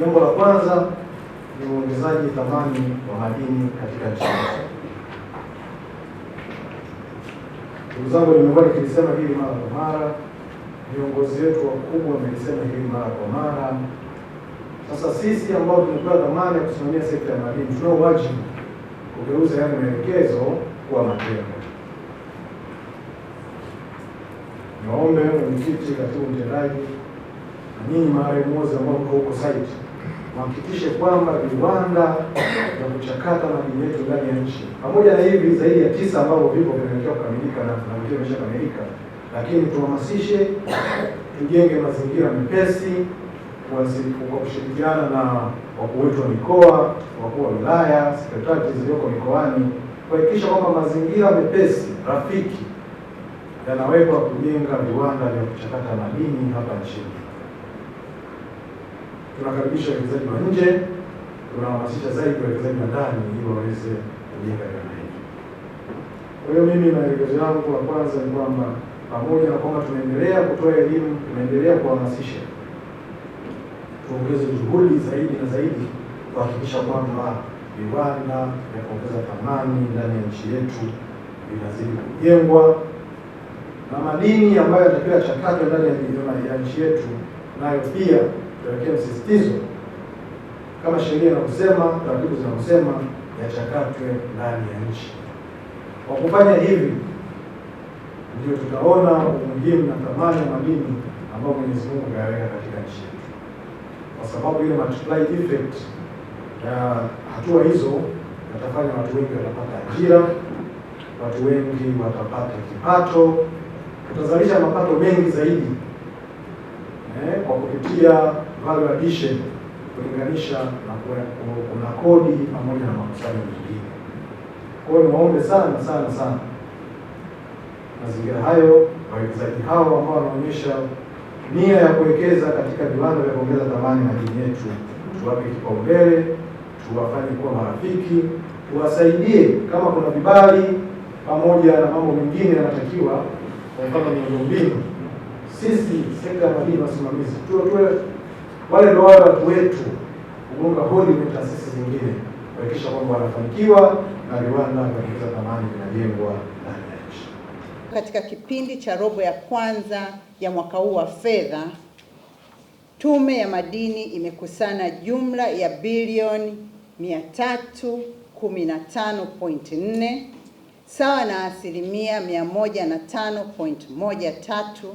Jambo la kwanza ni uongezaji thamani wa madini katika nchi yetu. Ndugu zangu, nimekuwa nikilisema hili mara kwa mara, viongozi wetu wakubwa wamelisema hili mara kwa mara. Sasa sisi ambao tumepewa dhamana ya kusimamia sekta ya madini, tunao wajibu kugeuza yale maelekezo kuwa matendo. Niwaombe mwenyekiti, katibu mtendaji Nyinyi maraimozi ambao mko huko site, mhakikishe kwamba viwanda vya kuchakata madini yetu ndani ya nchi, pamoja na hivi zaidi ya tisa ambavyo vipo vinaelekea kukamilika na vingine vimeshakamilika, lakini tuhamasishe, tujenge mazingira mepesi kwa kushirikiana na wakuu wetu wa mikoa, wakuu wa wilaya, sekretarieti zilizoko mikoani, kuhakikisha kwamba mazingira mepesi rafiki yanawekwa kujenga viwanda vya kuchakata madini hapa nchini tunakaribisha wawekezaji wa nje, tunahamasisha zaidi wawekezaji wa ndani ili waweze kujenga viwanda hivi. Kwa hiyo mimi maelekezo yangu wa kwanza ni kwamba pamoja na kwamba tunaendelea kutoa elimu, tunaendelea kuhamasisha, tuongeze juhudi zaidi na zaidi kuhakikisha kwamba viwanda vya kuongeza thamani ndani ya nchi yetu vinazidi kujengwa na madini ambayo yatakiwa yachakatwe ndani ya nchi yetu nayo pia tuwekee msisitizo kama sheria inavyosema, taratibu zinavyosema, yachakatwe ndani ya nchi. Kwa kufanya hivi, ndio tutaona umuhimu na thamani ya madini ambayo Mwenyezi Mungu ameyaweka katika nchi yetu, kwa sababu ile multiply effect ya hatua hizo yatafanya watu wengi watapata ajira, watu wengi watapata kipato, tutazalisha mapato mengi zaidi eh, kwa kupitia value addition kulinganisha na kuna kodi pamoja na makusanyo mengine. Kwa hiyo niwaombe sana sana sana mazingira hayo, wawekezaji hao ambao wanaonyesha nia ya kuwekeza katika viwanda vya kuongeza thamani madini yetu, tuwape kipaumbele, tuwafanye kuwa marafiki, tuwasaidie kama kuna vibali pamoja na mambo mengine yanatakiwa, kwa mfano miundombinu. Sisi sekta ya madini wasimamizi tuwe wale ndio wale watu wetu kugonga hodi kwenye taasisi zingine kuhakikisha kwamba wanafanikiwa na viwanda kuongeza thamani vinajengwa ndani ya nchi. Katika kipindi cha robo ya kwanza ya mwaka huu wa fedha, Tume ya Madini imekusana jumla ya bilioni 315.4 sawa na asilimia 105.13